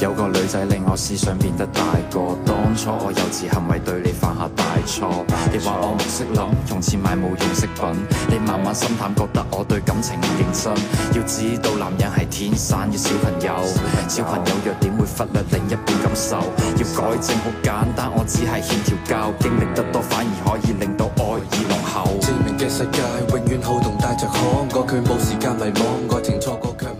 有個女仔令我思想變得大個，當初我幼稚行為對你犯下大錯。你話我唔識諗，用錢買冇用飾品。你慢慢心淡，覺得我對感情唔認真。要知道男人係天生嘅小朋友，小朋友弱點會忽略另一半感受。要改正好簡單，我只係欠條教，經歷得多反而可以令到愛意濃厚。志明嘅世界永遠好動帶着可愛，佢冇時間迷惘，愛情錯過卻。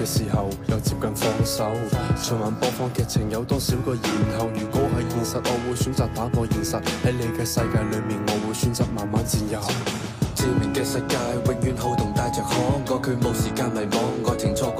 嘅時候又接近放手，循環播放劇情有多少個然後？如果係現實，我會選擇打破現實。喺你嘅世界裏面，我會選擇慢慢佔有。致命嘅世界永遠好動帶着渴，我卻冇時間迷茫，愛情錯過。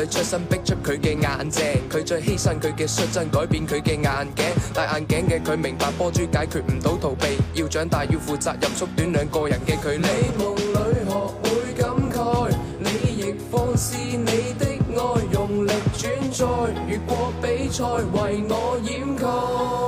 你出身，逼出佢嘅眼睛，佢再犧牲佢嘅率真，改變佢嘅眼鏡。戴眼鏡嘅佢明白波珠解決唔到逃避，要長大要負責任，縮短兩個人嘅距離。你夢裏學會感慨，你亦放肆你的愛用力轉載，越過比賽為我掩蓋。